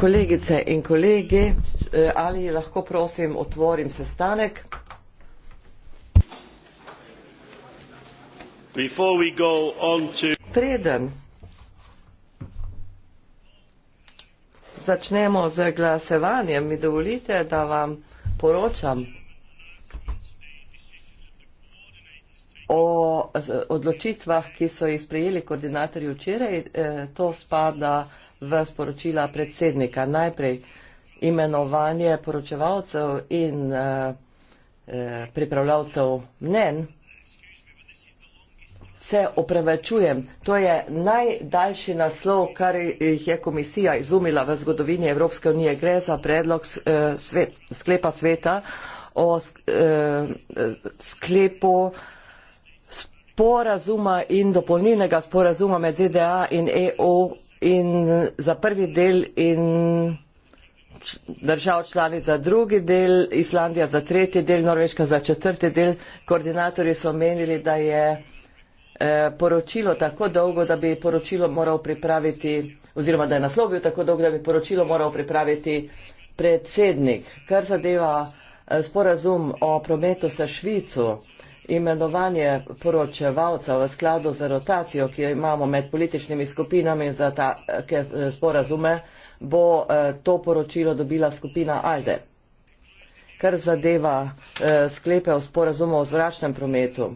Kolegice in kolegi, eh, ali lahko prosim otvorim sestanek? Preden začnemo z glasevanjem, mi dovolite, da vam poročam o odločitvah, ki so jih sprejeli koordinatorji včeraj. Eh, to spada v v sporočila predsednika. Najprej imenovanje poročevalcev in eh, eh, pripravljavcev mnen. Se opravečujem, to je najdaljši naslov, kar jih je komisija izumila v zgodovini Evropske unije. Gre za predlog eh, sklepa sveta o sklepu sporazuma in dopolnilnega sporazuma med ZDA in EU in za prvi del in držav članic za drugi del, Islandija za tretji del, Norveška za četrti del. Koordinatorji so menili, da je eh, poročilo tako dolgo, da bi poročilo moral pripraviti oziroma da je naslovil tako dolgo, da bi poročilo moral pripraviti predsednik. Kar zadeva eh, sporazum o prometu sa Švico, imenovanje poročevalca v skladu za rotacijo, ki jo imamo med političnimi skupinami za take eh, sporazume, bo eh, to poročilo dobila skupina ALDE. Kar zadeva eh, sklepe o sporazumu o zračnem prometu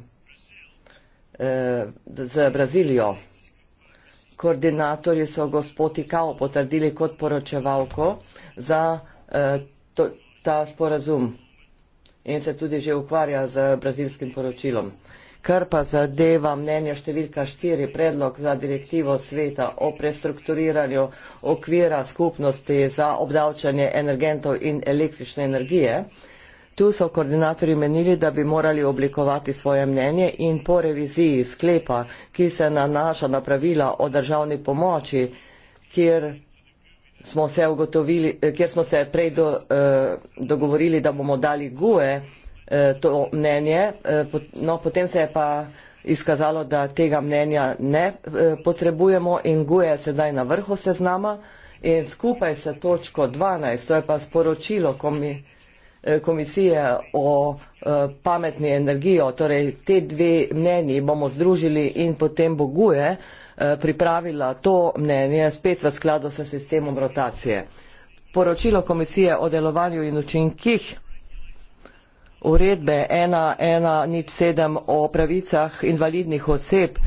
z Brazilijo, koordinatorji so gospod Ikao potrdili kot poročevalko za ta sporazum in se tudi že ukvarja z brazilskim poročilom. Kar pa zadeva mnenje številka štiri, predlog za direktivo sveta o prestrukturiranju okvira skupnosti za obdavčanje energentov in električne energije, tu so koordinatorji menili, da bi morali oblikovati svoje mnenje in po reviziji sklepa, ki se nanaša na pravila o državni pomoči, kjer smo se ugotovili, eh, kjer smo se prej do, eh, dogovorili, da bomo dali GUE eh, to mnenje, no potem se je pa izkazalo, da tega mnenja ne potrebujemo in GUE je sedaj na vrhu seznama in skupaj se točko 12, to je pa sporočilo komi, komisije o pametni energijo, torej te dve mnenji bomo združili in potem bo GUE Eh, pripravila to mnenje spet v skladu s sistemom rotacije. Poročilo komisije o delovanju in učinkih uredbe 1107 o pravicah invalidnih oseb,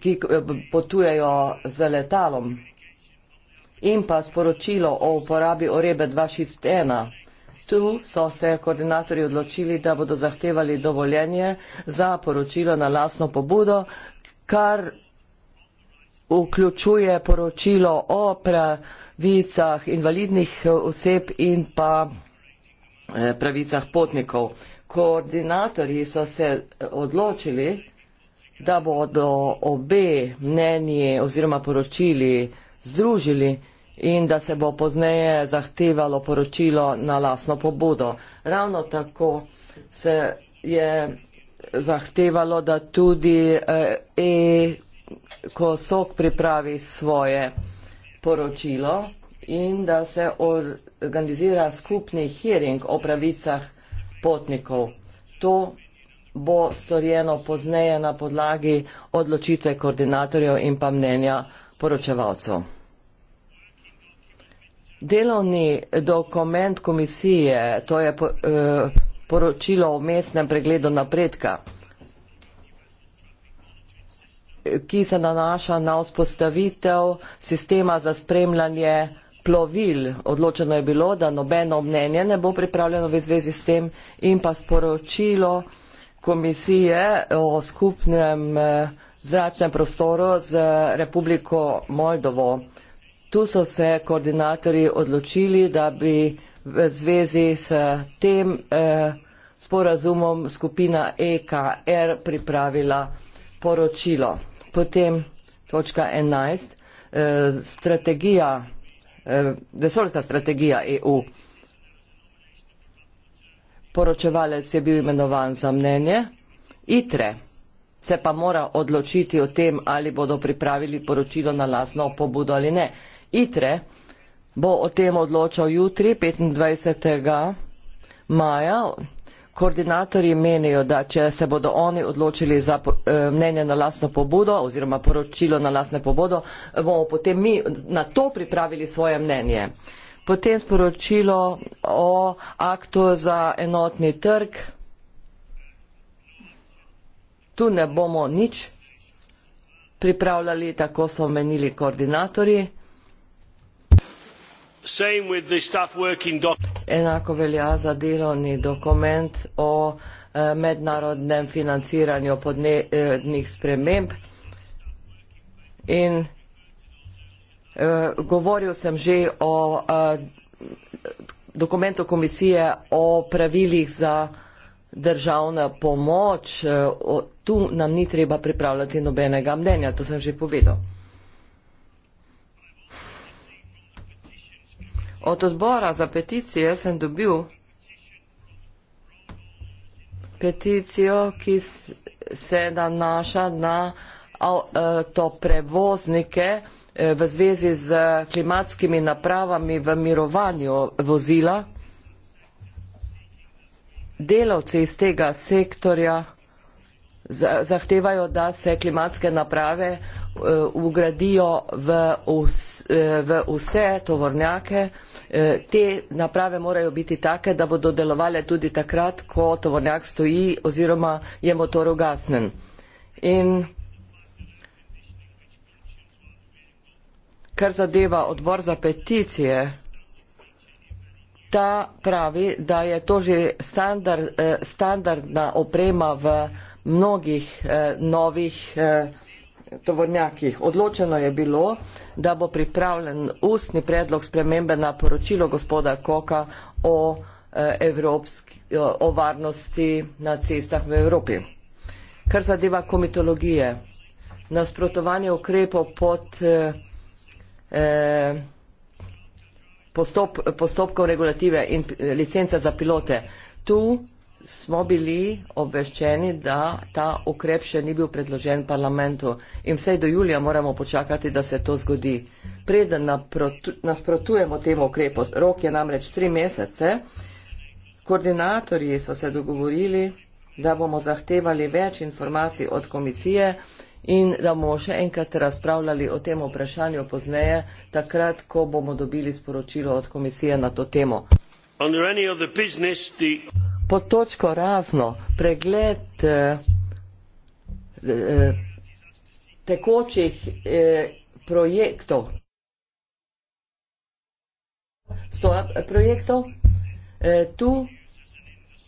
ki eh, potujejo z letalom in pa sporočilo o uporabi orebe 261. Tu so se koordinatorji odločili, da bodo zahtevali dovoljenje za poročilo na lasno pobudo, kar vključuje poročilo o pravicah invalidnih oseb in pa eh, pravicah potnikov. Koordinatorji so se odločili, da bodo obe mnenje oziroma poročili združili in da se bo pozneje zahtevalo poročilo na lasno pobudo. Ravno tako se je zahtevalo, da tudi ECOSOC eh, e pripravi svoje poročilo in da se organizira skupni hearing o pravicah potnikov. To bo storjeno pozneje na podlagi odločitve koordinatorjev in pa mnenja poročevalcev. Delovni dokument komisije, to je po, eh, poročilo o mestnem pregledu napredka, ki se nanaša na vzpostavitev sistema za spremljanje plovil. Odločeno je bilo, da nobeno mnenje ne bo pripravljeno v zvezi s tem in pa sporočilo komisije o skupnem eh, zračnem prostoru z Republiko Moldovo. Tu so se koordinatorji odločili, da bi v zvezi s tem eh, sporazumom skupina EKR pripravila poročilo. Potem točka 11. Eh, strategija, eh, vesoljska strategija EU. Poročevalec je bil imenovan za mnenje. ITRE se pa mora odločiti o tem, ali bodo pripravili poročilo na lasno pobudo ali ne. ITRE bo o tem odločal jutri, 25. maja. Koordinatorji menijo, da če se bodo oni odločili za eh, mnenje na lastno pobudo oziroma poročilo na lastne pobudo, bomo potem mi na to pripravili svoje mnenje. Potem sporočilo o aktu za enotni trg. Tu ne bomo nič pripravljali, tako so menili koordinatorji. Enako velja za delovni dokument o eh, mednarodnem financiranju podnebnih sprememb. In eh, govoril sem že o eh, dokumentu komisije o pravilih za državna pomoč. Tu nam ni treba pripravljati nobenega mnenja, to sem že povedal. Od odbora za peticije sem dobil peticijo, ki se nanaša na e, to prevoznike e, v zvezi z klimatskimi napravami v mirovanju vozila. Delavci iz tega sektorja zahtevajo, da se klimatske naprave eh, ugradijo v, vs, eh, v vse tovornjake. Eh, te naprave morajo biti take, da bodo delovale tudi takrat, ko tovornjak stoji oziroma je motor ugasnen. In kar zadeva odbor za peticije, ta pravi, da je to že standard, standardna oprema v mnogih eh, novih eh, tovornjakih. Odločeno je bilo, da bo pripravljen ustni predlog spremembe na poročilo gospoda Koka o, eh, evropski, o varnosti na cestah v Evropi. Kar zadeva komitologije, nasprotovanje ukrepov pod eh, eh, postop, postopkom regulative in eh, licence za pilote, tu smo bili obveščeni, da ta ukrep še ni bil predložen parlamentu in vse do julija moramo počakati, da se to zgodi. Preden nasprotujemo temu ukrepu, rok je namreč tri mesece, koordinatorji so se dogovorili, da bomo zahtevali več informacij od komisije in da bomo še enkrat razpravljali o tem vprašanju pozneje, takrat, ko bomo dobili sporočilo od komisije na to temo. Pod točko razno, pregled eh, eh, tekočih eh, projektov. Stoja eh, projektov. Eh, tu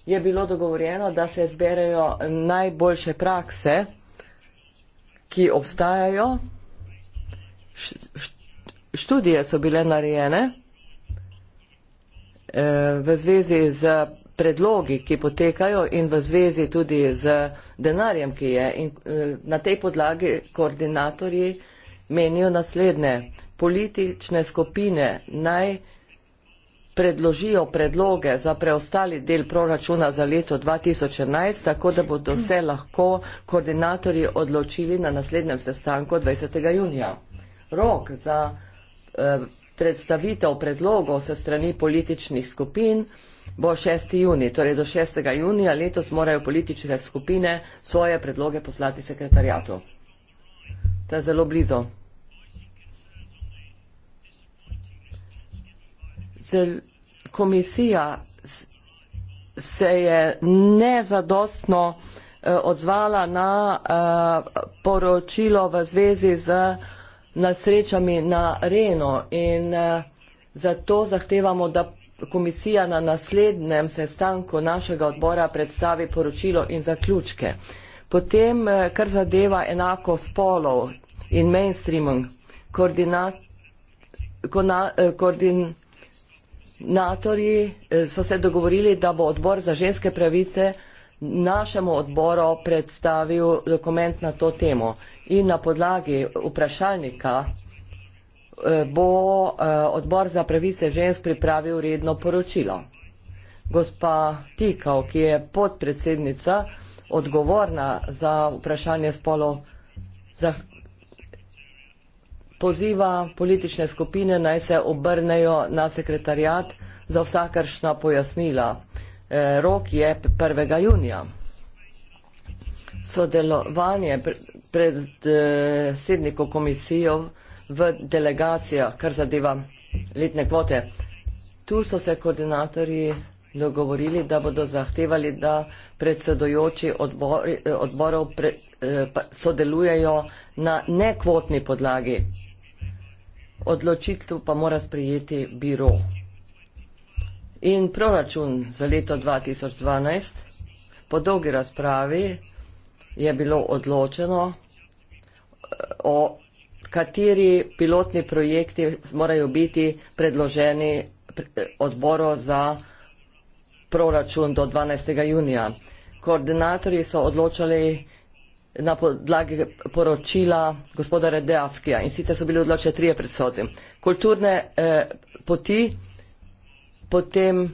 je bilo dogovorjeno, da se zberejo najboljše prakse, ki obstajajo. Študije so bile narejene. Eh, v zvezi z predlogi, ki potekajo in v zvezi tudi z denarjem, ki je. In eh, na tej podlagi koordinatorji menijo naslednje. Politične skupine naj predložijo predloge za preostali del proračuna za leto 2011, tako da bodo se lahko koordinatorji odločili na naslednjem sestanku 20. junija. Rok za Eh, predstavitev predlogov se strani političnih skupin bo 6. juni. Torej do 6. junija letos morajo politične skupine svoje predloge poslati sekretarjatu. To je zelo blizu. Zel, komisija se je nezadostno eh, odzvala na eh, poročilo v zvezi z eh, nad srečami na Reno in eh, zato zahtevamo, da komisija na naslednjem sestanku našega odbora predstavi poročilo in zaključke. Potem, eh, kar zadeva enako spolov in mainstreaming, eh, koordinatorji so se dogovorili, da bo odbor za ženske pravice našemu odboru predstavil dokument na to temo in na podlagi vprašalnika eh, bo eh, odbor za pravice žensk pripravil redno poročilo. Gospa Tikov, ki je podpredsednica, odgovorna za vprašanje spolo, za poziva politične skupine naj se obrnejo na sekretarjat za vsakršna pojasnila. Eh, rok je 1. junija sodelovanje predsednikov eh, komisijo v delegacijah, kar zadeva letne kvote. Tu so se koordinatorji dogovorili, da bodo zahtevali, da predsedojoči odbor, eh, odborov pre, eh, sodelujejo na nekvotni podlagi. Odločitev pa mora sprijeti biro. In proračun za leto 2012 po dolgi razpravi je bilo odločeno, o kateri pilotni projekti morajo biti predloženi odboru za proračun do 12. junija. Koordinatorji so odločali na podlagi poročila gospoda Redeavskija in sicer so bili odločeni trije predsodi. Kulturne eh, poti, potem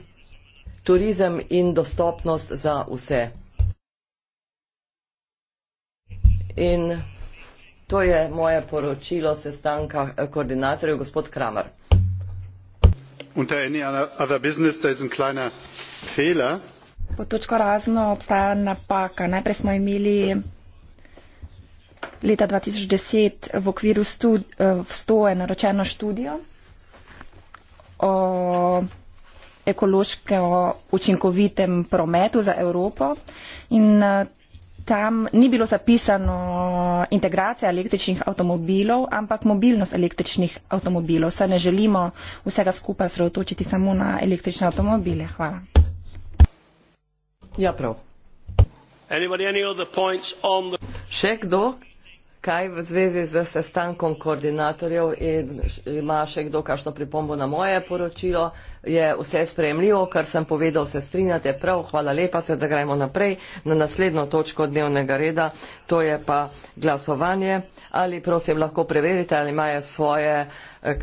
turizem in dostopnost za vse. In to je moje poročilo sestanka eh, koordinatorjev, gospod Kramer. Pod točko razno obstaja napaka. Najprej smo imeli leta 2010 v okviru eh, vstoje naročeno študijo o ekološko učinkovitem prometu za Evropo in eh, tam ni bilo zapisano integracija električnih avtomobilov, ampak mobilnost električnih avtomobilov. Saj ne želimo vsega skupaj sredotočiti samo na električne avtomobile. Hvala. Ja, prav. Anybody, any other points on the... Še kdo? Kaj v zvezi z sestankom koordinatorjev in ima še kdo kakšno pripombo na moje poročilo? je vse sprejemljivo, kar sem povedal, se strinjate prav, hvala lepa, sedaj gremo naprej na naslednjo točko dnevnega reda, to je pa glasovanje. Ali prosim lahko preverite, ali imajo svoje eh,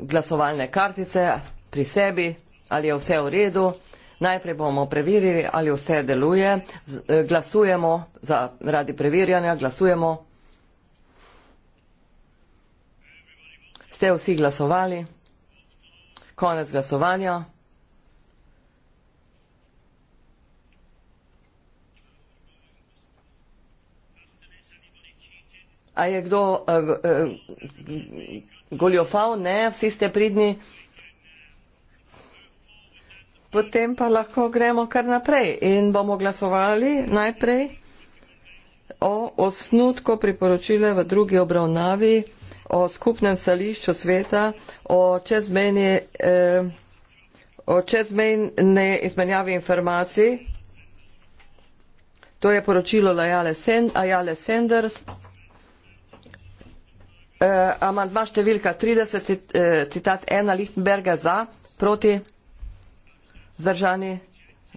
glasovalne kartice pri sebi, ali je vse v redu. Najprej bomo preverili, ali vse deluje. Eh, glasujemo, zaradi preverjanja glasujemo. Ste vsi glasovali? Konec glasovanja. A je kdo uh, uh, goljofal? Ne, vsi ste pridni. Potem pa lahko gremo kar naprej in bomo glasovali najprej o osnutku priporočile v drugi obravnavi o skupnem stališču sveta, o čezmejni, eh, o čezmejni izmenjavi informacij. To je poročilo Ajale Sen, Sanders. Eh, amandma številka 30, eh, citat 1 Lichtenberga za, proti, zdržani,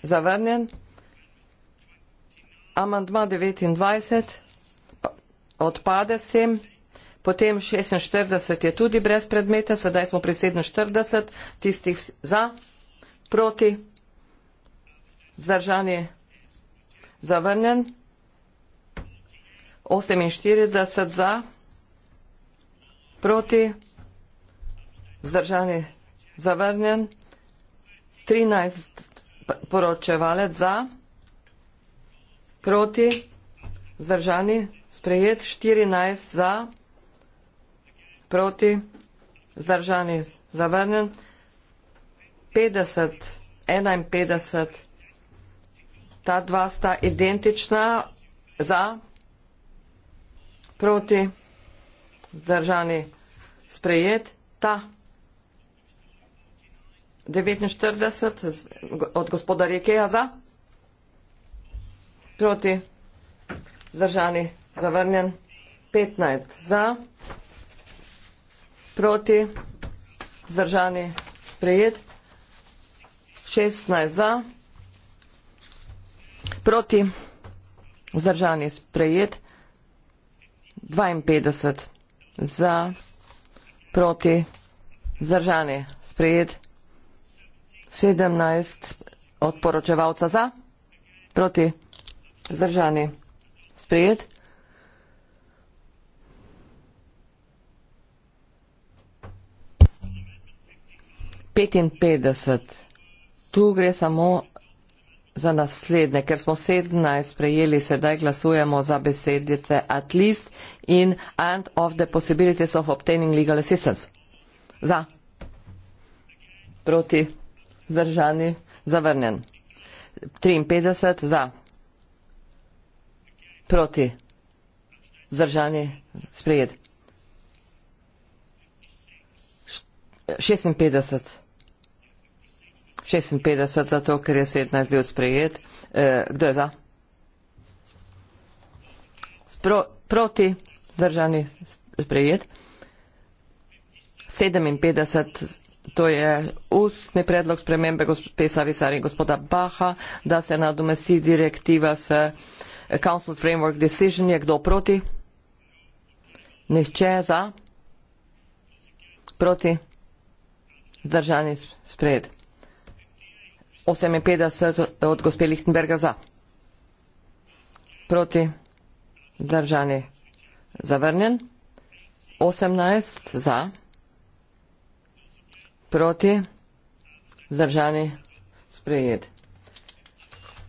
zavrnjen. Amandma 29 odpade s tem potem 46 je tudi brez predmeta, sedaj smo pri 47, tistih za, proti, zdržan je zavrnjen, 48 za, proti, zdržan je zavrnjen, 13 poročevalec za, proti, zdržani, sprejet, 14 za, proti, zdržan je zavrnjen, 50, 51, ta dva sta identična za, proti, zdržan je sprejet, ta 49 od gospoda Rikeja za, proti, zdržan je zavrnjen, 15 za, proti, zdržani sprejet, 16 za, proti, zdržani sprejet, 52 za, proti, zdržani sprejet, 17 odporočevalca za, proti, zdržani sprejet, 16 za. 55. Tu gre samo za naslednje, ker smo 17 prejeli, sedaj glasujemo za besedice at least in and of the possibilities of obtaining legal assistance. Za. Proti. Zdržani. Zavrnjen. 53. Za. Proti. Zdržani. Sprejet. 56. 56 za to, ker je 17 bil sprejet. E, kdo je za? Spro, proti, zdržani, sprejet. 57, to je ustni predlog spremembe gospe Savisari in gospoda Baha, da se nadomesti direktiva s eh, Council Framework Decision. Je kdo proti? Nihče za? Proti? Zdržani, sprejet. 58 od gospe Lichtenberga za. Proti zdržani zavrnjen. 18 za. Proti zdržani sprejet.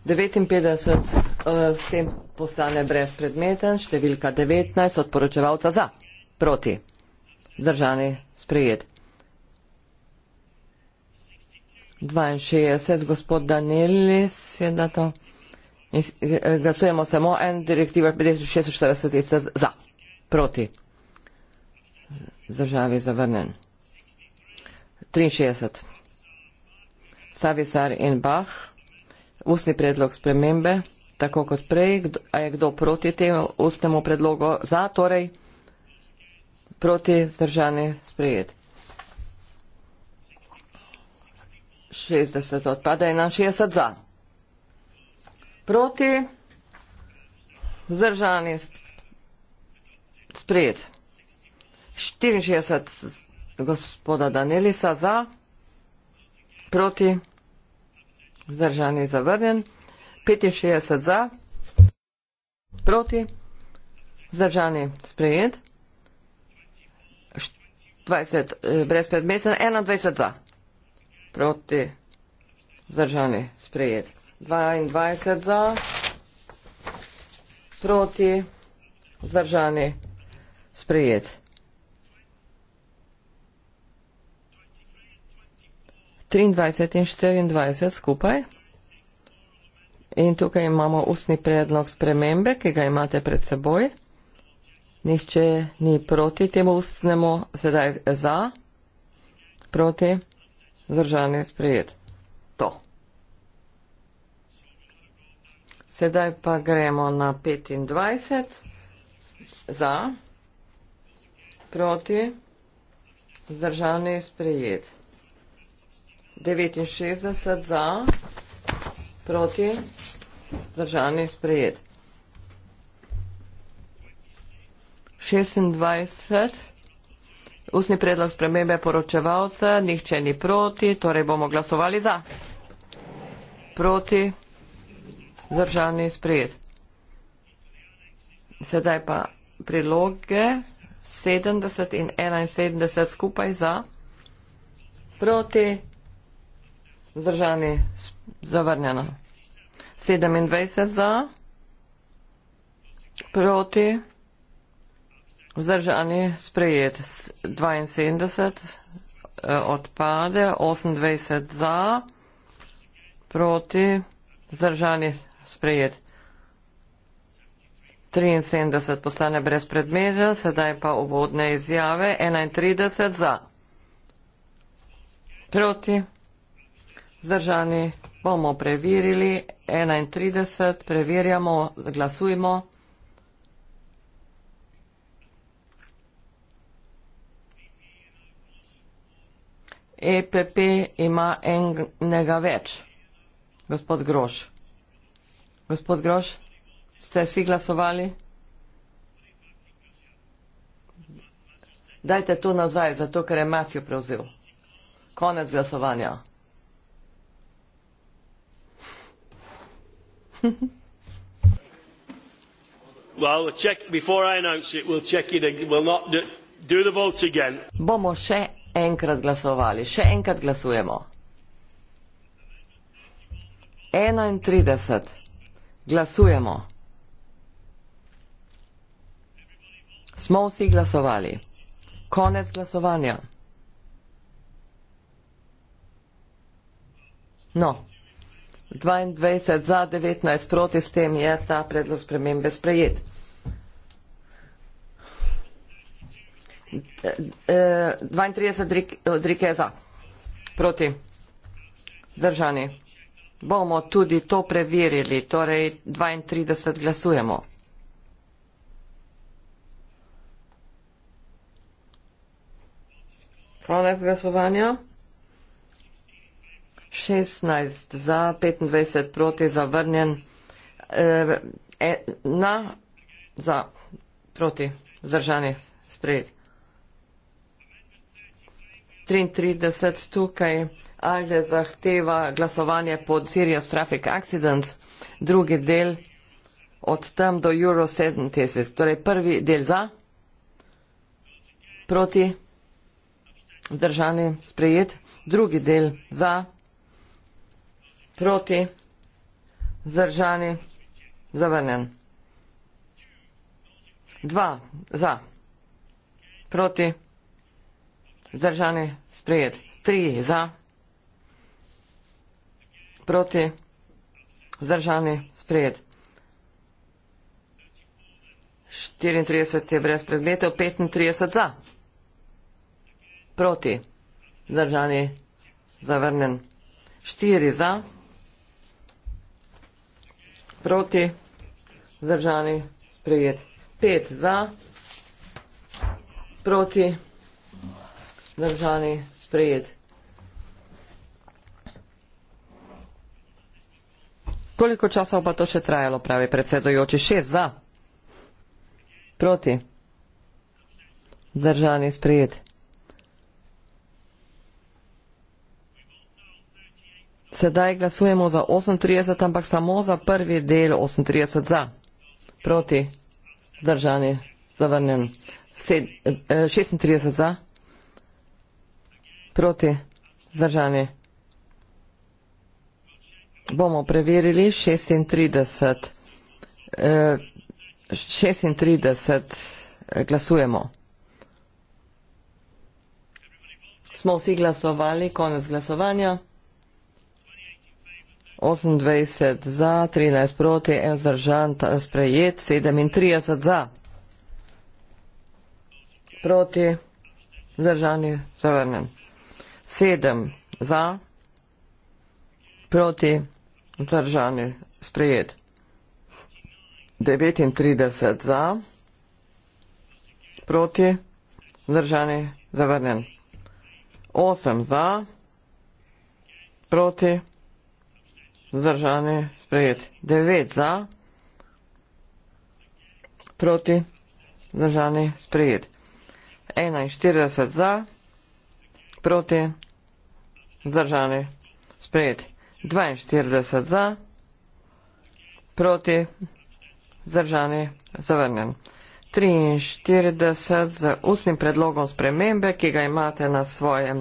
59 eh, s tem postane brezpredmeten. Številka 19 od poročevalca za. Proti zdržani sprejet. 62, gospod Danelis je da to. Eh, glasujemo samo en direktiva 546 za, proti. Zdržavi zavrnen. 63. Savisar in Bah. Ustni predlog spremembe, tako kot prej, a je kdo proti temu ustnemu predlogu za, torej proti zdržani sprejeti. 60 odpada 61 za. Proti, vzdržani, sprejet. 64 gospoda Danilisa za, proti, vzdržani, zavrnjen. 65 za, proti, vzdržani, sprejet. 20 brez predmeta, 21 za proti zdržani sprejet. 22 za, proti zdržani sprejet. 23 in 24 skupaj. In tukaj imamo ustni predlog spremembe, ki ga imate pred seboj. Nihče ni proti temu ustnemu, sedaj za, proti. Zdržanje je sprejet. To. Sedaj pa gremo na 25. Za. Proti. Zdržanje je sprejet. 69 za. Proti. Zdržanje je sprejet. 26. Usni predlog spremembe poročevalca, nihče ni proti, torej bomo glasovali za. Proti, zdržani sprejet. Sedaj pa priloge 70 in 71 skupaj za. Proti, zdržani zavrnjeno. 27 za. Proti. Vzdržani sprejet 72 eh, odpade, 28 za, proti, vzdržani sprejet 73 postane brez predmeta, sedaj pa uvodne izjave 31 za, proti, vzdržani bomo preverili 31, preverjamo, glasujmo. EPP ima enega več. Gospod Groš. Gospod Groš, ste vsi glasovali? Dajte to nazaj, zato ker je Matijo prevzel. Konec glasovanja. well, we'll check, before I announce it, we'll check it again. We'll not do, do the vote again. Bomo še enkrat glasovali. Še enkrat glasujemo. 31. Glasujemo. Smo vsi glasovali. Konec glasovanja. No, 22 za 19 proti s tem je ta predlog spremembe sprejet. 32 drikeza proti držani. Bomo tudi to preverili, torej 32 glasujemo. Konec glasovanja. 16 za, 25 proti, zavrnjen. Eh, e, na, za, proti, zdržani, sprejeti. 33 tukaj Alde zahteva glasovanje pod Serious Traffic Accidents, drugi del od tam do Euro 70, torej prvi del za, proti, vzdržani sprejet, drugi del za, proti, vzdržani zavrnjen. Dva za, proti, vzdržani. Zdržani, sprejet. Tri za. Proti. Zdržani, sprejet. 34 je brez predletev, 35 za. Proti. Zdržani, zavrnen. 4 za. Proti. Zdržani, sprejet. 5 za. Proti vzdržani, sprejet. Koliko časa pa to še trajalo, pravi predsedojoči? Šest za? Proti? Vzdržani, sprejet. Sedaj glasujemo za 38, ampak samo za prvi del 38 za. Proti. Zdržani. Zavrnjen. Sed, eh, 36 za proti zdržani. Bomo preverili 36. 36 eh, eh, glasujemo. Smo vsi glasovali, konec glasovanja. 28 za, 13 proti, 1 zdržan, sprejet, 37 za. Proti, zdržani, zavrnjen. 7 za, proti, zdržani, sprejet. 39 za, proti, zdržani, zavrnen. 8 za, proti, zdržani, sprejet. 9 za, proti, zdržani, sprejet. 41 za, proti, zdržani, sprejet proti, zdržani, sprejet, 42 za, proti, zdržani, zavrnjen. 43 z ustnim predlogom spremembe, ki ga imate na svojem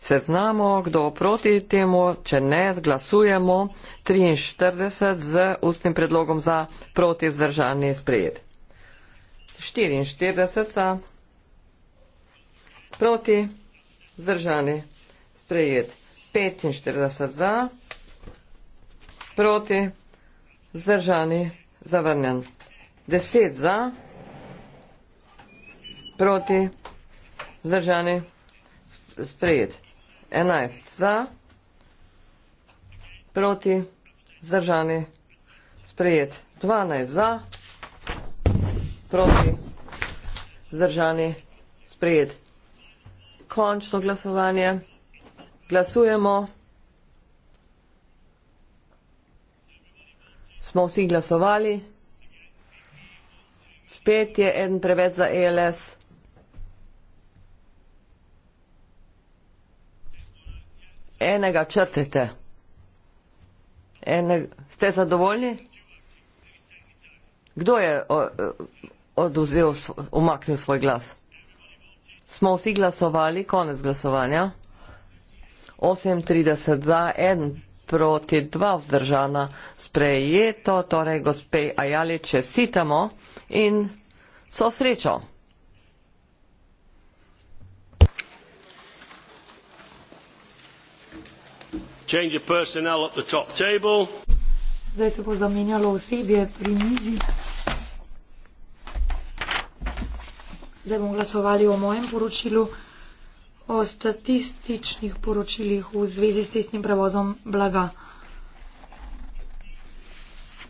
seznamu, kdo proti temu, če ne, zglasujemo. 43 z ustnim predlogom za proti zdržani sprejet. 44 za proti Zdržani, sprejet. 45 za, proti, zdržani, zavrnjen. 10 za, proti, zdržani, sprejet. 11 za, proti, zdržani, sprejet. 12 za, proti, zdržani, sprejet. 13 za, proti, zdržani, sprejet končno glasovanje. Glasujemo. Smo vsi glasovali. Spet je en preveč za ELS. Enega črtite. Enega. Ste zadovoljni? Kdo je o, o, oduzel, umaknil svoj glas? Smo vsi glasovali, konec glasovanja. 38 za, 1 proti, 2 vzdržana, sprejeto, torej gospe Ajali čestitamo in so srečo. Change of personnel at the top table. Zdaj se bo zamenjalo osebje pri mizi. zdaj bomo glasovali o mojem poročilu, o statističnih poročilih v zvezi s cestnim prevozom blaga.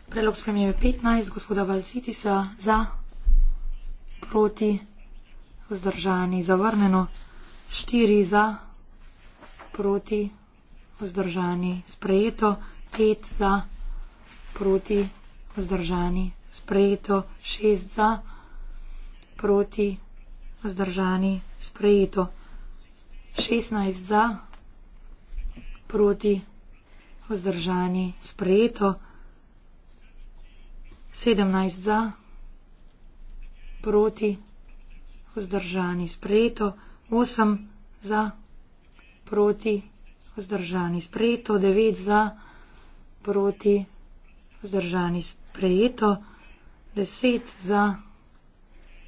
Predlog spremljeve 15, gospoda Valsitisa, za, proti, vzdržani, zavrneno, štiri za, proti, vzdržani, sprejeto, pet za, proti, vzdržani, sprejeto, šest za, proti, vzdržani, vzdržani, sprejeto. 16 za, proti, vzdržani, sprejeto. 17 za, proti, vzdržani, sprejeto. 8 za, proti, vzdržani, sprejeto. 9 za, proti, vzdržani, sprejeto. 10 za,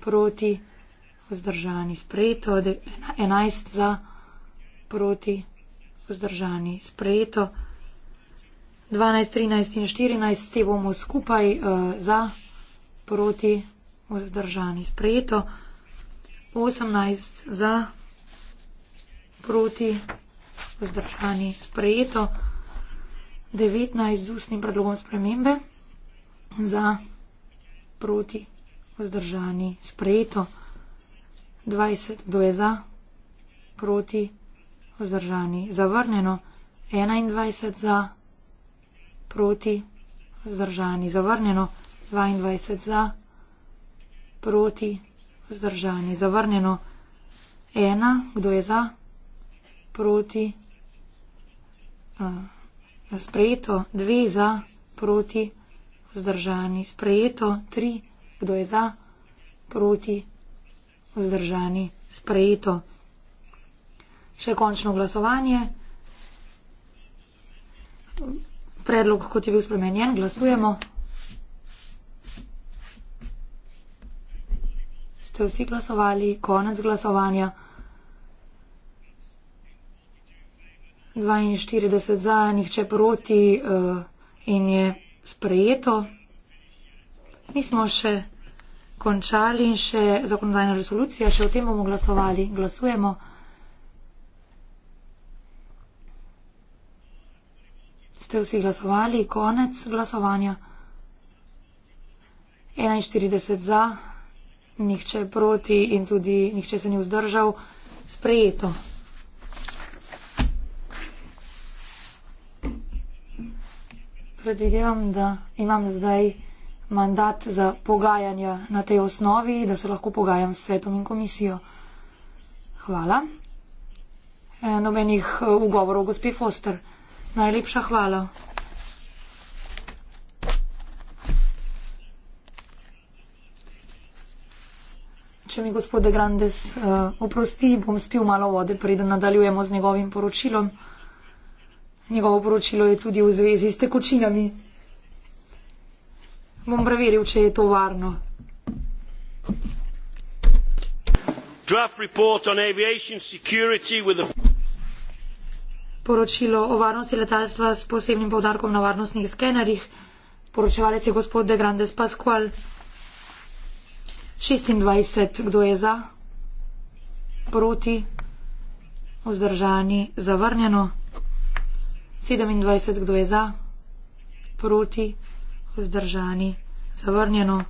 proti, vzdržani, sprejeto vzdržani, sprejeto, 11 za, proti, vzdržani, sprejeto, 12, 13 in 14, te bomo skupaj uh, za, proti, vzdržani, sprejeto, 18 za, proti, vzdržani, sprejeto, 19 z ustnim predlogom spremembe, za, proti, vzdržani, sprejeto. 20, kdo je za, proti, vzdržani, zavrnjeno, 21 za, proti, vzdržani, zavrnjeno, 22 za, proti, vzdržani, zavrnjeno, 1, kdo je za, proti, uh, sprejeto, 2 za, proti, vzdržani, sprejeto, 3, kdo je za, proti, vzdržani vzdržani, sprejeto. Še končno glasovanje. Predlog, kot je bil spremenjen, glasujemo. Ste vsi glasovali, konec glasovanja. 42 za, nihče proti uh, in je sprejeto. Nismo še končali in še zakonodajna resolucija, še o tem bomo glasovali. Glasujemo. Ste vsi glasovali? Konec glasovanja. 41 za, nihče proti in tudi nihče se ni vzdržal. Sprejeto. Predvidevam, da imam zdaj mandat za pogajanja na tej osnovi, da se lahko pogajam s svetom in komisijo. Hvala. E, nobenih e, ugovorov, gospe Foster. Najlepša hvala. Če mi gospod De Grandes e, oprosti, bom spil malo vode, preden nadaljujemo z njegovim poročilom. Njegovo poročilo je tudi v zvezi s tekočinami bom preveril, če je to varno. Poročilo o varnosti letalstva s posebnim povdarkom na varnostnih skenerjih. Poročevalec je gospod De Grandes Pasqual. 26. Kdo je za? Proti? Vzdržani? Zavrnjeno? 27. Kdo je za? Proti? vzdržani, zavrnjeno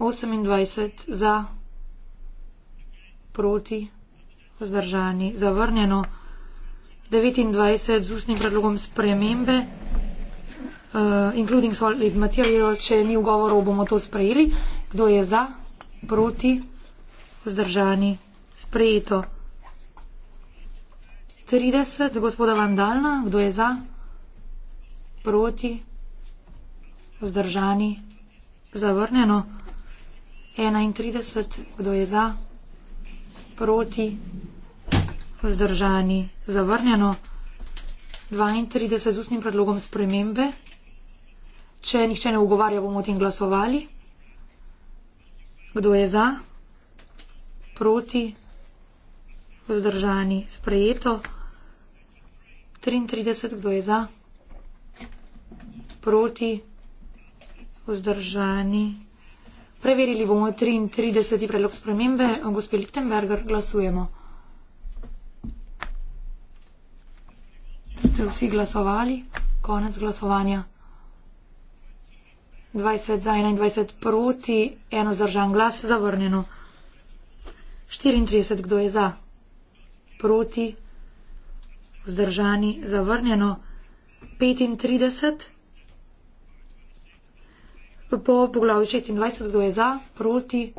28 za, proti vzdržani, zavrnjeno 29 z ustnim predlogom spremembe, uh, including solid material, če ni v govoru, bomo to sprejeli. Kdo je za, proti vzdržani, sprejeto 30, gospoda Vandalna, kdo je za, proti vzdržani vzdržani, zavrnjeno. 31, kdo je za, proti, vzdržani, zavrnjeno. 32 z ustnim predlogom spremembe. Če nihče ne ugovarja, bomo o tem glasovali. Kdo je za, proti, vzdržani, sprejeto. 33, kdo je za, proti, vzdržani. Vzdržani. Preverili bomo 33. predlog spremembe. Gospe Lichtenberger, glasujemo. Ste vsi glasovali? Konec glasovanja. 20 za 21 proti, eno zdržan glas zavrnjeno. 34, kdo je za? Proti, vzdržani, zavrnjeno. 35. Po poglavju 26, kdo je za, proti,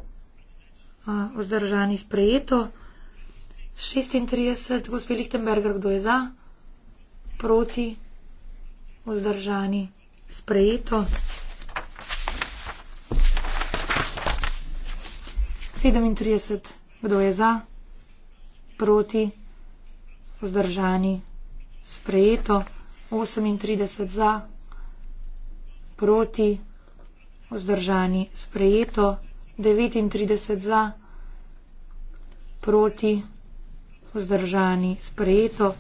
vzdržani, sprejeto. 36, gospod Lichtenberger, kdo je za, proti, vzdržani, sprejeto. 37, kdo je za, proti, vzdržani, sprejeto. 38 za, proti, vzdržani vzdržani, sprejeto 39 za, proti vzdržani, sprejeto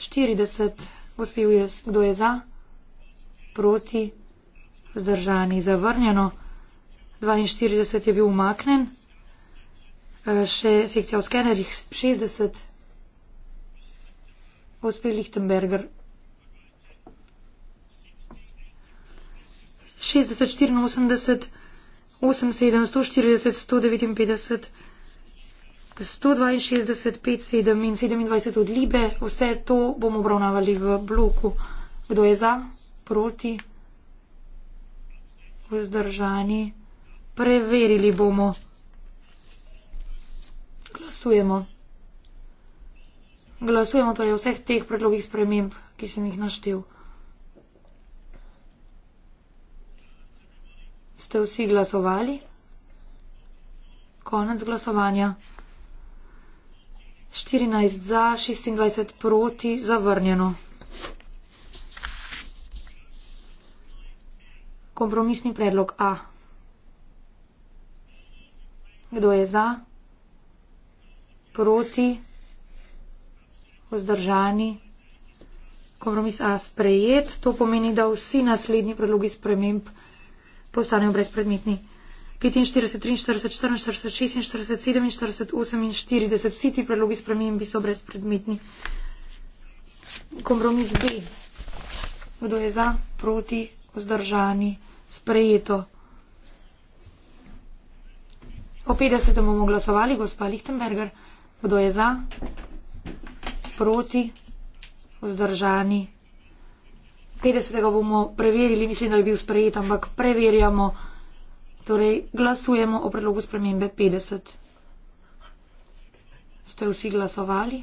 40, gospe, kdo je za, proti vzdržani, zavrnjeno 42 je bil umaknen, e, še sekcija v skenerih 60, gospe Lichtenberger. 60, 84, 87, 140, 159, 162, 57 in 27 od Libe. Vse to bomo obravnavali v bloku. Kdo je za, proti, vzdržani. Preverili bomo. Glasujemo. Glasujemo torej o vseh teh predlogih sprememb, ki sem jih naštel. Ste vsi glasovali? Konec glasovanja. 14 za, 26 proti, zavrnjeno. Kompromisni predlog A. Kdo je za? Proti? Vzdržani? Kompromis A sprejet. To pomeni, da vsi naslednji predlogi sprememb postanejo brezpredmetni. 45, 43, 44, 46, 47, 48, vsi ti predlogi spremenj bi so brezpredmetni. Kompromis B. Kdo je za, proti, vzdržani, sprejeto. O 50 bomo glasovali, gospa Lichtenberger. Kdo je za, proti, vzdržani, sprejeto. 50. bomo preverili, mislim, da je bil sprejet, ampak preverjamo. Torej, glasujemo o predlogu spremembe 50. Ste vsi glasovali?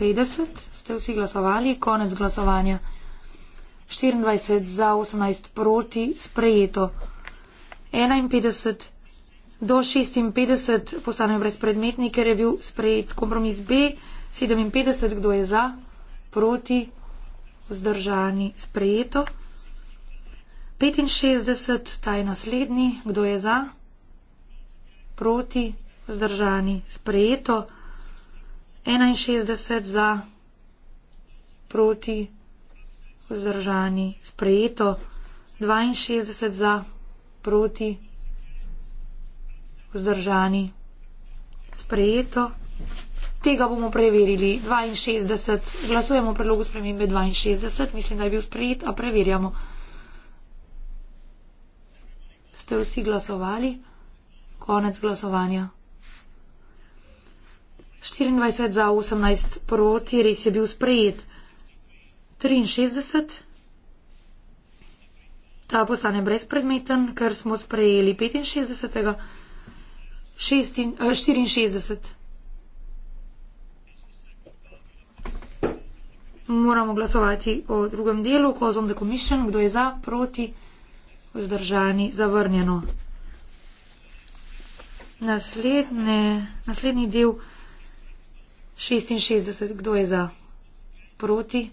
50. Ste vsi glasovali? Konec glasovanja. 24 za 18 proti sprejeto. 51 do 56 postanejo brezpredmetni, ker je bil sprejet kompromis B. 57. Kdo je za? proti, vzdržani, sprejeto. 65, ta je naslednji, kdo je za, proti, vzdržani, sprejeto. 61 za, proti, vzdržani, sprejeto. 62 za, proti, vzdržani, sprejeto. Tega bomo preverili. 62. Glasujemo o predlogu spremembe 62. Mislim, da je bil sprejet, a preverjamo. Ste vsi glasovali? Konec glasovanja. 24 za 18 proti, res je bil sprejet. 63. Ta postane brezpredmeten, ker smo sprejeli 65. 16, 64. moramo glasovati o drugem delu, ko zom the commission, kdo je za, proti, vzdržani, zavrnjeno. Naslednje, naslednji del 66, kdo je za, proti,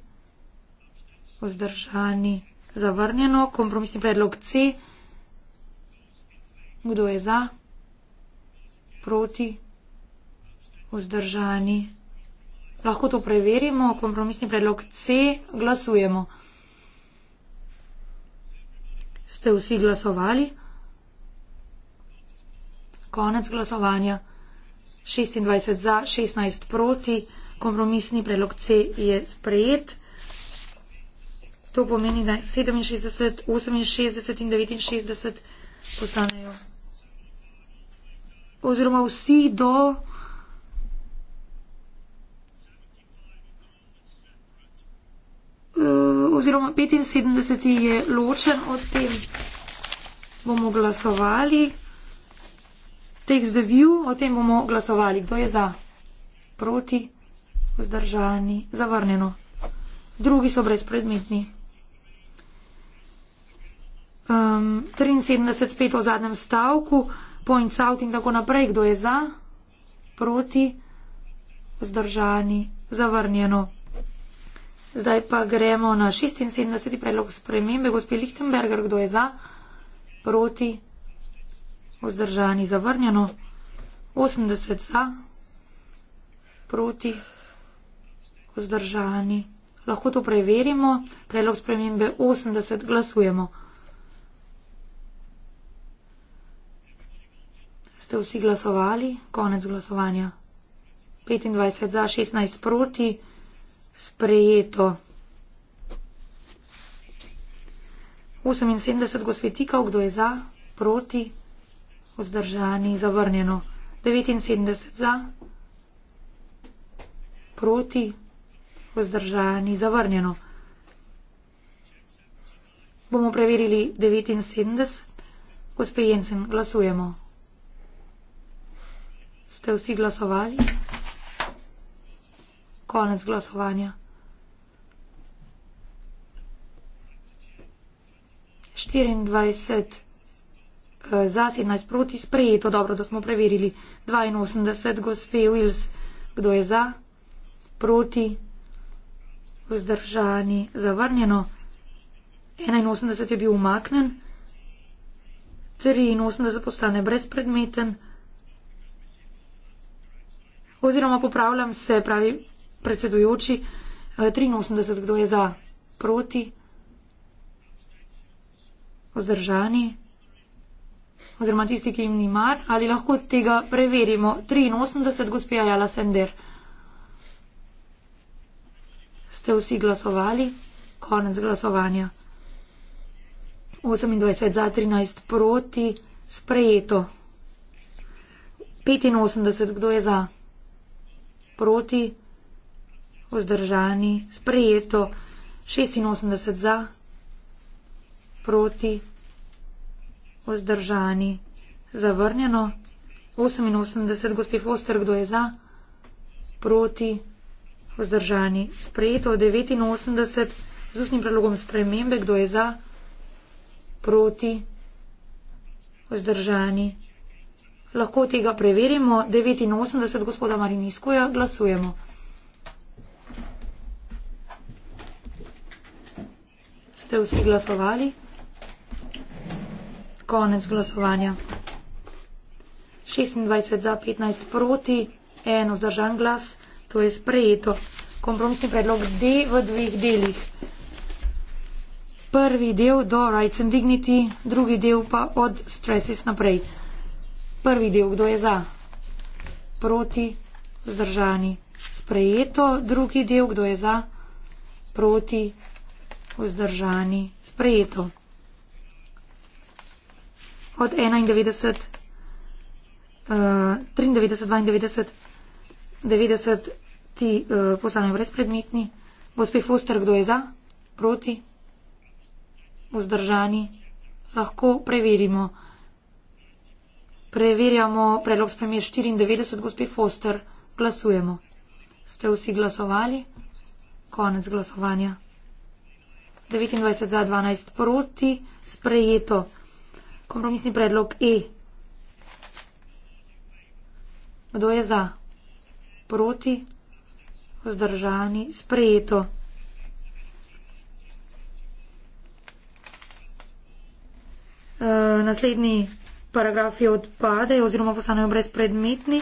vzdržani, zavrnjeno. Kompromisni predlog C, kdo je za, proti, vzdržani, zavrnjeno lahko to preverimo. Kompromisni predlog C, glasujemo. Ste vsi glasovali? Konec glasovanja. 26 za, 16 proti. Kompromisni predlog C je sprejet. To pomeni, da 67, 68 in 69 postanejo. Oziroma vsi do. oziroma 75 je ločen od tem, bomo glasovali. Takes the view, o tem bomo glasovali. Kdo je za? Proti? Vzdržani? Zavrnjeno. Drugi so brezpredmetni. Um, 73 spet v zadnjem stavku, points out in tako naprej. Kdo je za? Proti? Vzdržani? Zavrnjeno. Zdaj pa gremo na 76. predlog spremembe. Gospod Lichtenberger, kdo je za? Proti? Vzdržani? Zavrnjeno? 80 za? Proti? Vzdržani? Lahko to preverimo. Predlog spremembe 80 glasujemo. Ste vsi glasovali? Konec glasovanja. 25 za, 16 proti sprejeto. 78 gospetikov, kdo je za, proti, vzdržani, zavrnjeno. 79 za, proti, vzdržani, zavrnjeno. Bomo preverili 79. Gospe Jensen, glasujemo. Ste vsi glasovali? Konec glasovanja. 24 eh, za 17 proti sprejeto, dobro, da smo preverili. 82 gospe Wills, kdo je za, proti, vzdržani, zavrnjeno. 81 je bil umaknen, 83 postane brezpredmeten. Oziroma popravljam se, pravi, predsedujoči. 83, e, kdo je za, proti, vzdržani, oziroma tisti, ki jim ni mar, ali lahko tega preverimo. 83, gospod Jala Sender. Ste vsi glasovali? Konec glasovanja. 28 za, 13 proti, sprejeto. 85, kdo je za, proti, vzdržani vzdržani, sprejeto 86 za, proti, vzdržani, zavrnjeno 88, gospod Foster, kdo je za, proti, vzdržani, sprejeto 89 z ustnim predlogom spremembe, kdo je za, proti, vzdržani. Lahko tega preverimo. 89 gospoda Marinijskoja glasujemo. Ste vsi glasovali? Konec glasovanja. 26 za, 15 proti, eno zdržan glas, to je sprejeto. Kompromisni predlog D v dveh delih. Prvi del do rights and dignity, drugi del pa od stresses naprej. Prvi del, kdo je za? Proti, zdržani. Sprejeto, drugi del, kdo je za? Proti, vzdržani, sprejeto. Od 91, uh, 93, 92, 90 ti uh, postanejo brezpredmetni. Gospe Foster, kdo je za, proti, vzdržani, lahko preverimo. Preverjamo predlog spremije 94, gospe Foster, glasujemo. Ste vsi glasovali? Konec glasovanja. 29 za 12 proti, sprejeto kompromisni predlog E. Kdo je za? Proti, vzdržani, sprejeto. E, naslednji paragrafi odpadejo oziroma postanejo brezpredmetni.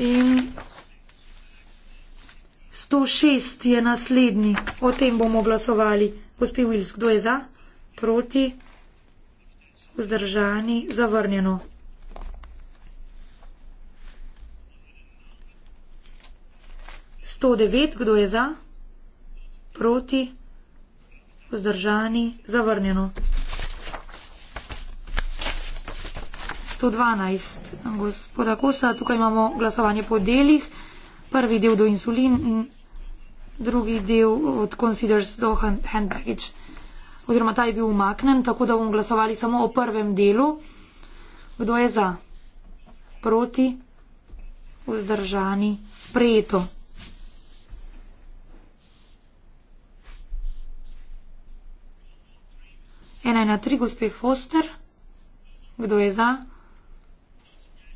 In 106 je naslednji. O tem bomo glasovali. Gospi Wils, kdo je za? Proti? Vzdržani? Zavrnjeno. Sto devet, kdo je za? Proti? Vzdržani? Zavrnjeno. Sto dvanajst, gospoda Kosa, tukaj imamo glasovanje po delih prvi del do insulin in drugi del od considers do hand baggage. Oziroma, ta je bil umaknen, tako da bomo glasovali samo o prvem delu. Kdo je za? Proti? Vzdržani? Sprejeto. Ena na tri, gospe Foster. Kdo je za?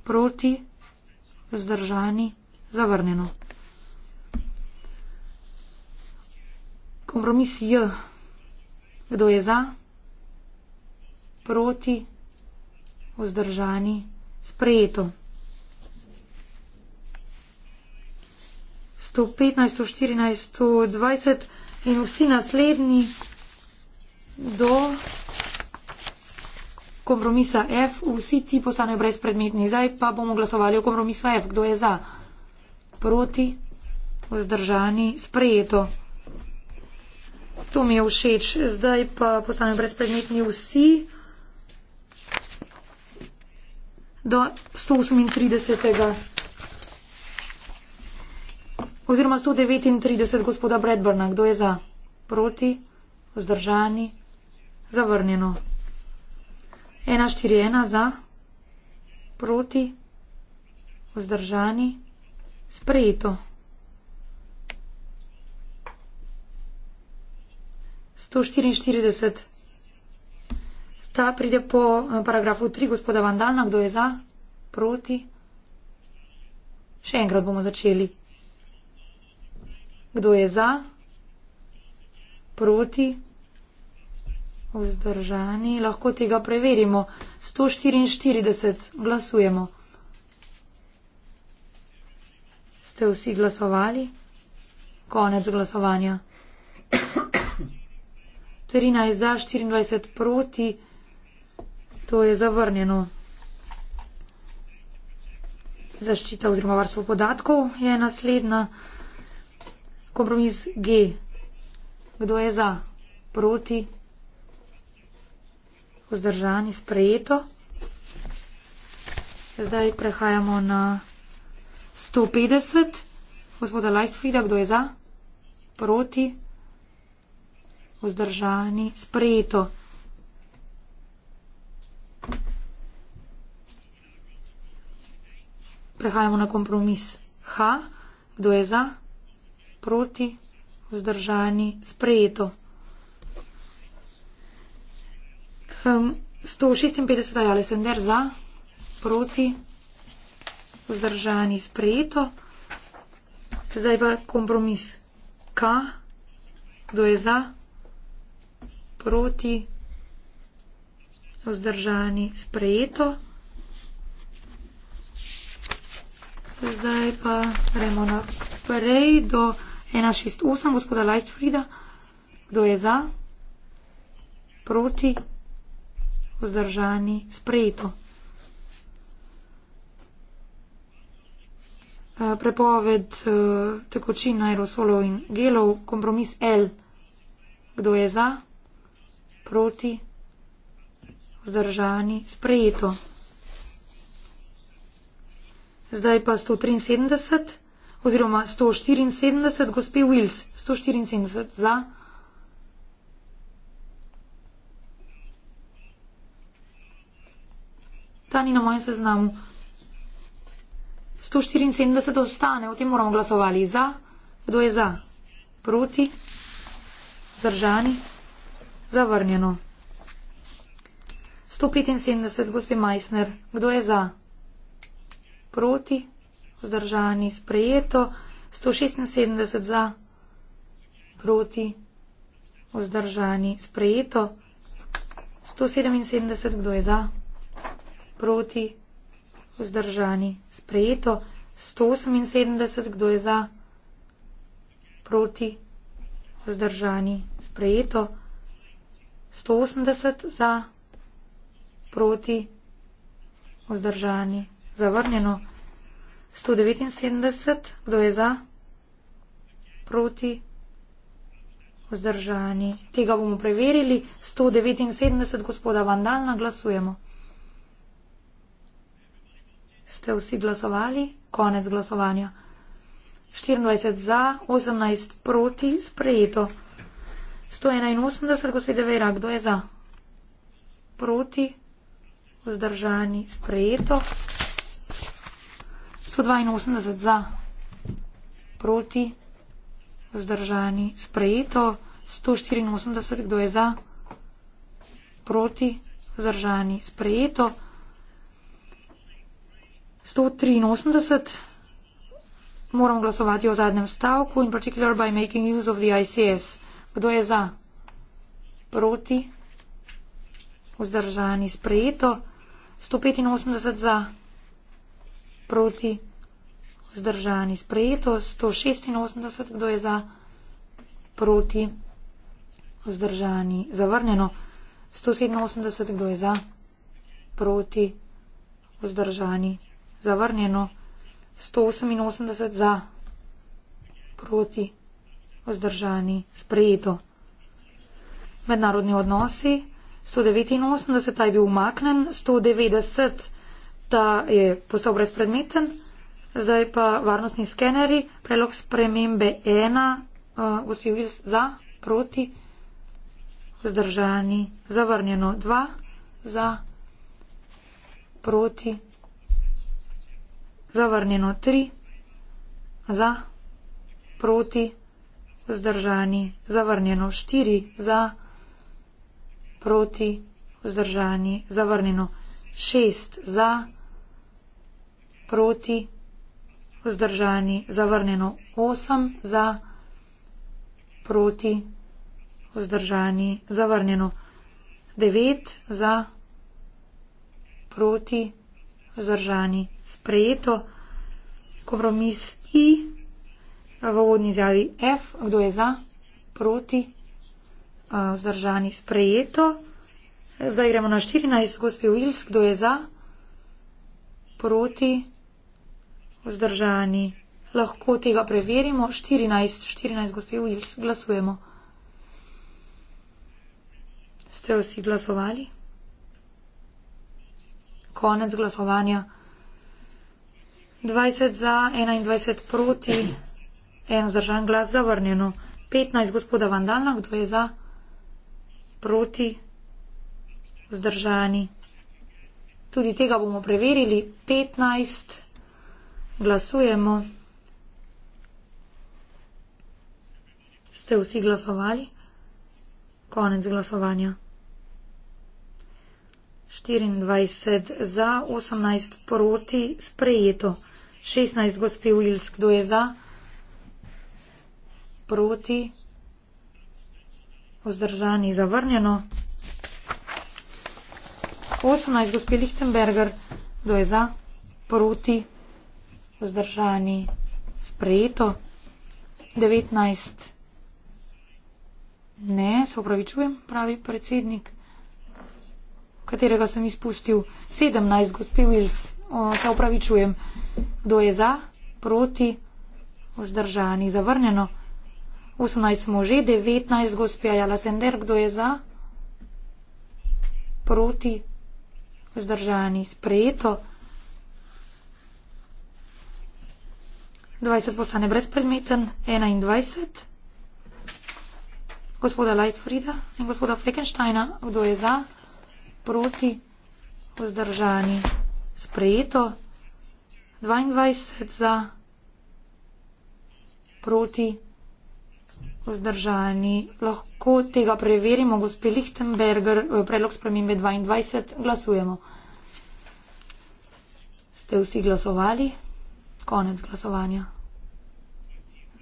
Proti? Vzdržani? Sprejeto. Zavrnjeno. Kompromis J. Kdo je za? Proti? Vzdržani? Sprejeto. 115, 114, 120 in vsi naslednji do kompromisa F. Vsi ti postanejo brezpredmetni. Zdaj pa bomo glasovali o kompromisu F. Kdo je za? proti, vzdržani, sprejeto. To mi je všeč. Zdaj pa postanem brezpredmetni vsi do 138. Oziroma 139 gospoda Bradburna. Kdo je za? Proti, vzdržani, zavrnjeno. 141 za, proti, vzdržani. Sprejeto. Sto štiriinštirideset. Ta pride po eh, paragrafu tri gospoda Vandalna. Kdo je za? Proti? Še enkrat bomo začeli. Kdo je za? Proti? Vzdržani? Lahko tega preverimo. Sto štiriinštirideset. Glasujemo. ste vsi glasovali? Konec glasovanja. 13 za, 24 proti, to je zavrnjeno. Zaščita oziroma varstvo podatkov je naslednja. Kompromis G. Kdo je za? Proti? Vzdržani? Sprejeto? Zdaj prehajamo na. 150. Gospoda Lajfrida, kdo je za? Proti? Vzdržani? Sprejeto. Prehajamo na kompromis H. Kdo je za? Proti? Vzdržani? Sprejeto. 156. Jale Sender za? Proti? vzdržani sprejeto. Zdaj pa kompromis K, kdo je za, proti, vzdržani sprejeto. Zdaj pa gremo naprej do 168 gospoda Lightfrida, kdo je za, proti, vzdržani sprejeto. Eh, prepoved eh, tekočin aerosolov in gelov, kompromis L. Kdo je za? Proti? Vzdržani? Sprejeto. Zdaj pa 173 oziroma 174, gospe Wills, 174 za. Ta ni na mojem seznamu. 174 ostane, o tem moramo glasovali za. Kdo je za? Proti? Zdržani? Zavrnjeno. 175, gospod Majsner, kdo je za? Proti? Zdržani? Sprejeto. 176 za? Proti? Zdržani? Sprejeto. 177, kdo je za? Proti? vzdržani. Sprejeto 178, kdo je za, proti, vzdržani. Sprejeto 180 za, proti, vzdržani. Zavrnjeno 179, kdo je za, proti, vzdržani. Tega bomo preverili. 179, gospoda Vandalna, glasujemo ste vsi glasovali, konec glasovanja. 24 za, 18 proti, sprejeto. 181, gospode Vera, kdo je za? Proti, vzdržani, sprejeto. 182 za, proti, vzdržani, sprejeto. 184, kdo je za? Proti, vzdržani, sprejeto. 183 moramo glasovati o zadnjem stavku in particular by making use of the ICS. Kdo je za? Proti? Vzdržani sprejeto. 185 za? Proti? Vzdržani sprejeto. 186 kdo je za? Proti? Vzdržani zavrnjeno. 187 kdo je za? Proti? Vzdržani zavrnjeno 188 za, proti, vzdržani, sprejeto. Mednarodni odnosi 189, ta je bil umaknen, 190, ta je postal brezpredmeten, zdaj pa varnostni skeneri, prelog spremembe 1, uh, eh, gospod Vils za, proti, vzdržani, zavrnjeno 2, za, proti, zavrnjeno 3, za, proti, vzdržani, zavrnjeno 4, za, proti, vzdržani, zavrnjeno 6, za, proti, vzdržani, zavrnjeno 8, za, proti, vzdržani, zavrnjeno 9, za, proti, vzdržani sprejeto kompromisti v vodni izjavi F, kdo je za, proti, vzdržani sprejeto. Zdaj gremo na 14, gospe Wills, kdo je za, proti, vzdržani. Lahko tega preverimo. 14, 14, gospe Wills, glasujemo. Ste vsi glasovali? Konec glasovanja. 20 za, 21 proti, en zdržan glas zavrnjeno. 15 gospoda Vandalna, kdo je za, proti, vzdržani. Tudi tega bomo preverili. 15 glasujemo. Ste vsi glasovali? Konec glasovanja. 24 za, 18 proti, sprejeto. 16, gospe Wils, kdo je za? Proti. Vzdržani, zavrnjeno. 18, gospe Lichtenberger, kdo je za? Proti. Vzdržani, sprejeto. 19. Ne, se upravičujem, pravi predsednik katerega sem izpustil 17, gospe Wills. O, se upravičujem. Kdo je za, proti, vzdržani, zavrnjeno. 18 smo že, 19, gospe Ajala Sender. Kdo je za, proti, vzdržani, sprejeto. 20 postane brezpredmeten, 21. Gospoda Lightfrida in gospoda Fleckensteina, kdo je za? proti, vzdržani, sprejeto, 22 za, proti, vzdržani, lahko tega preverimo, gospe Lichtenberger, eh, predlog spremembe 22, glasujemo. Ste vsi glasovali? Konec glasovanja.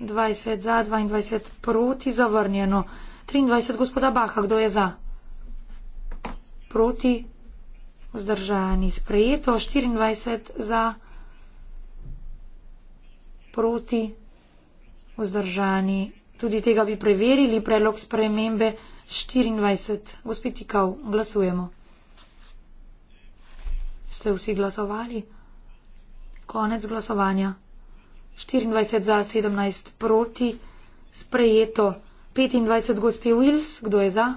20 za, 22 proti, zavrnjeno. 23 gospoda Baha, kdo je za? proti, vzdržani, sprejeto, 24 za, proti, vzdržani. Tudi tega bi preverili, predlog spremembe 24. Gospod Tikal, glasujemo. Ste vsi glasovali? Konec glasovanja. 24 za, 17 proti, sprejeto. 25 gospe Wills, kdo je za?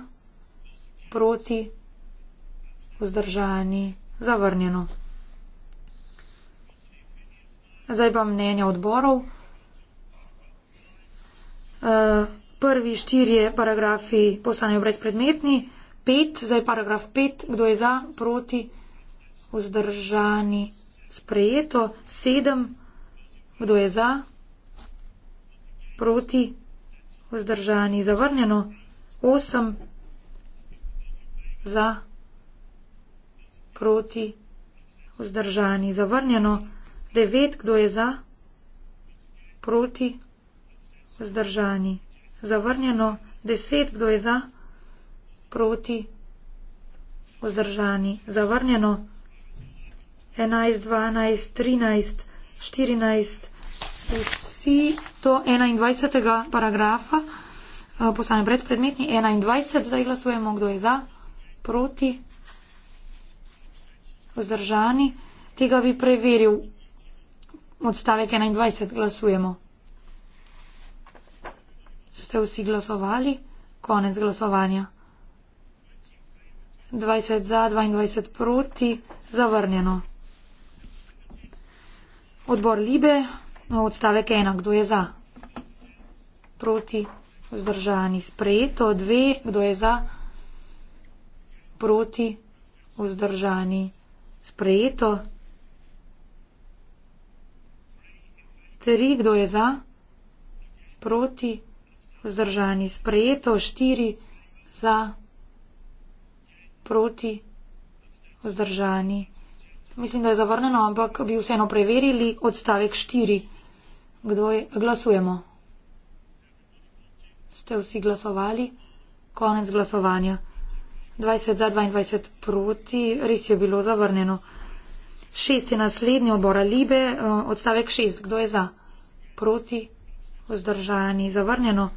Proti vzdržani, zavrnjeno. Zdaj pa mnenja odborov. Eh, prvi štirje paragrafi postanejo brezpredmetni, pet, zdaj paragraf pet, kdo je za, proti, vzdržani, sprejeto, sedem, kdo je za, proti, vzdržani, zavrnjeno, osem, za, proti proti, vzdržani, zavrnjeno, devet, kdo je za, proti, vzdržani, zavrnjeno, deset, kdo je za, proti, vzdržani, zavrnjeno, enajst, dvanajst, trinajst, štirinajst, vsi do enaindvajsetega paragrafa, eh, postane brezpredmetni, enaindvajset, zdaj glasujemo, kdo je za, proti, vzdržani, vzdržani, tega bi preveril. Odstavek 21 glasujemo. Ste vsi glasovali? Konec glasovanja. 20 za, 22 proti, zavrnjeno. Odbor Libe, odstavek 1, kdo je za? Proti, vzdržani, sprejeto, 2, kdo je za? Proti, vzdržani sprejeto. Tri, kdo je za, proti, vzdržani. Sprejeto štiri, za, proti, vzdržani. Mislim, da je zavrneno, ampak bi vseeno preverili odstavek štiri, kdo je glasujemo. Ste vsi glasovali? Konec glasovanja. 20 za 22 proti, res je bilo zavrnjeno. Šest je naslednji odbora Libe, eh, odstavek šest, kdo je za? Proti, vzdržani, zavrnjeno.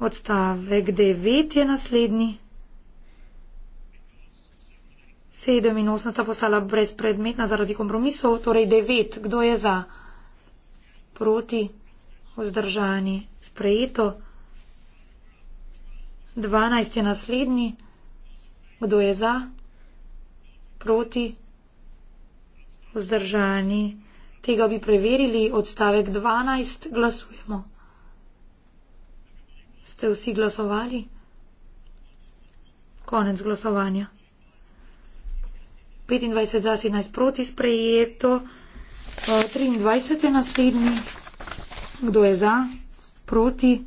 Odstavek devet je naslednji. Sedem in osem sta postala brezpredmetna zaradi kompromisov, torej devet, kdo je za? Proti, vzdržani, sprejeto. 12 je naslednji, kdo je za, proti, vzdržani. Tega bi preverili, odstavek 12 glasujemo. Ste vsi glasovali? Konec glasovanja. 25 za 17 proti sprejeto. 23 je naslednji. Kdo je za? Proti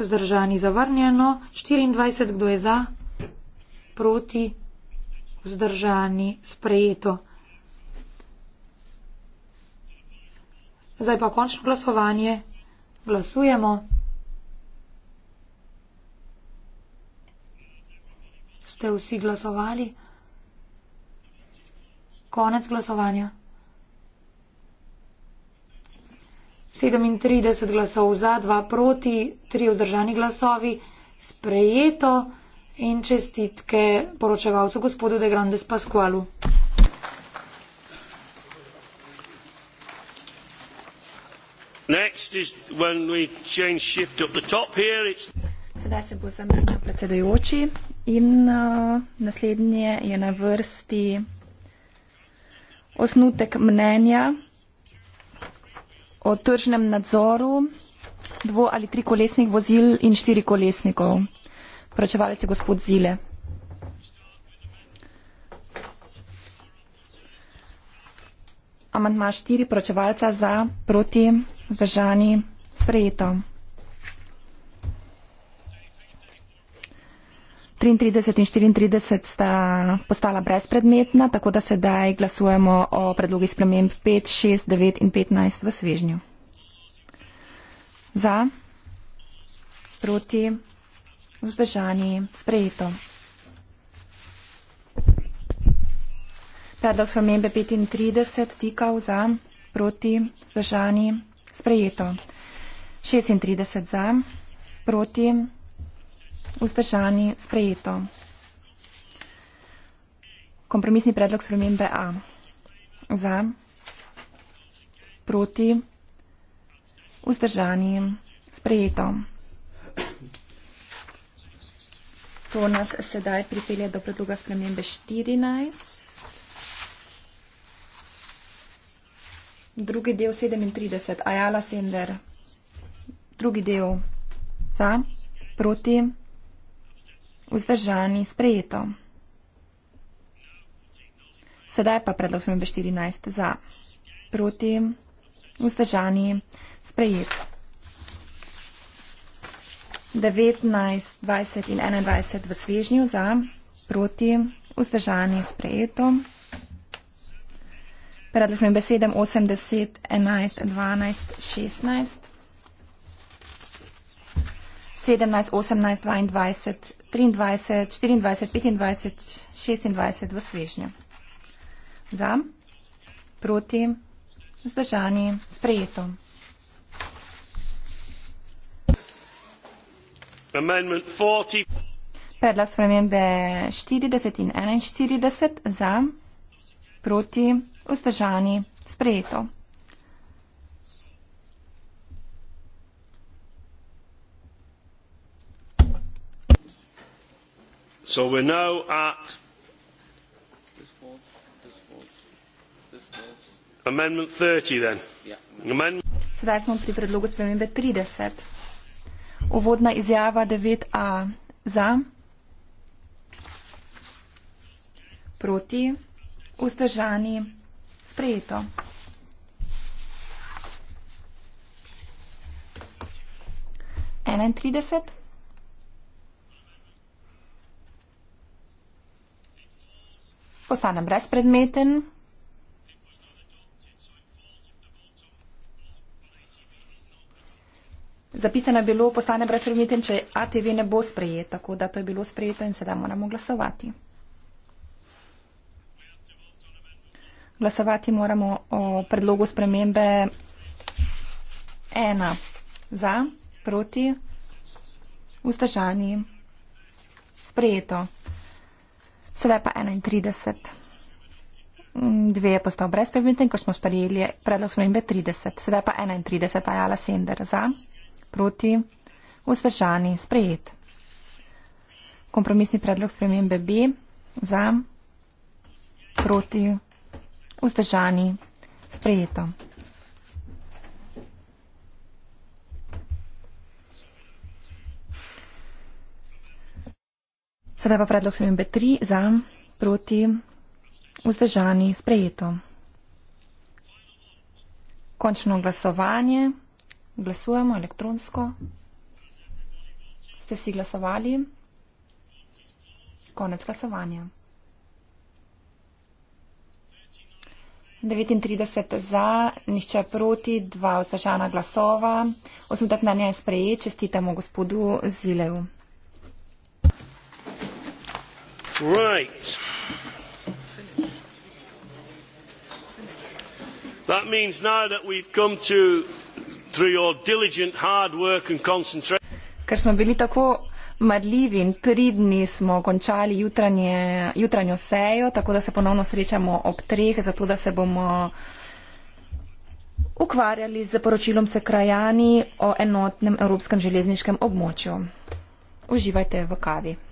vzdržani zavrnjeno, 24 kdo je za, proti, vzdržani sprejeto. Zdaj pa končno glasovanje. Glasujemo. Ste vsi glasovali? Konec glasovanja. 37 glasov za, 2 proti, 3 vzdržani glasovi, sprejeto in čestitke poročevalcu gospodu De Grandes Pasqualu. Sedaj se bo zamenjal predsedujoči in uh, naslednje je na vrsti osnutek mnenja o tržnem nadzoru dvo ali trikolesnih vozil in štirikolesnikov. Vpračevalec je gospod Zile. Amantma štiri, vpračevalca za, proti, zdržani, sprejeto. 33 in 34 sta postala brezpredmetna, tako da sedaj glasujemo o predlogi sprememb 5, 6, 9 in 15 v svežnju. Za, proti, vzdržani, sprejeto. Predlog spremembe 35 tikal za, proti, vzdržani, sprejeto. 36 za, proti, vzdržani. Vzdržani sprejeto. Kompromisni predlog spremembe A. Za. Proti. Vzdržani sprejeto. To nas sedaj pripelje do predloga spremembe 14. Drugi del 37. Ajala Sender. Drugi del. Za. Proti vzdržani, sprejeto. Sedaj pa predlog spremembe 14 za, proti, vzdržani, sprejet. 19, 20 in 21 v svežnju za, proti, vzdržani, sprejeto. Predlog spremembe 7, 8, 10, 11, 12, 16. 17, 18, 22, 23, 24, 25, 26 v svežnju. Za, proti, vzdržani, sprejeto. Predlog spremembe 40 in 41 za, proti, vzdržani, sprejeto. so we're now at amendment 30 then yeah. amendment Sedaj smo pri predlogu spremembe 30. Uvodna izjava 9a za, proti, vzdržani, sprejeto. 31. postanem brezpredmeten. Zapisano je bilo, postane brezpredmeten, če ATV ne bo sprejet, tako da to je bilo sprejeto in sedaj moramo glasovati. Glasovati moramo o predlogu spremembe 1 za, proti, vstažani, sprejeto. Sedaj pa 31. Dve je postal brezpredmeten, ko smo sprejeli predlog spremembe 30. Sedaj pa 31. Ajala Sender za, proti, vzdržani, sprejet. Kompromisni predlog spremembe B za, proti, vzdržani, sprejeto. Sedaj pa predlog spremembe 3 za, proti, vzdržani, sprejeto. Končno glasovanje. Glasujemo elektronsko. Ste si glasovali? Konec glasovanja. 39 za, nišče proti, dva vzdržana glasova. Osmetek mnenja je sprejet. Čestitamo gospodu Zileju right that means now that we've come to through your diligent hard work and concentration Marljivi in pridni smo končali jutranje, jutranjo sejo, tako da se ponovno srečamo ob treh, zato da se bomo ukvarjali z poročilom se krajani o enotnem evropskem železniškem območju. Uživajte v kavi.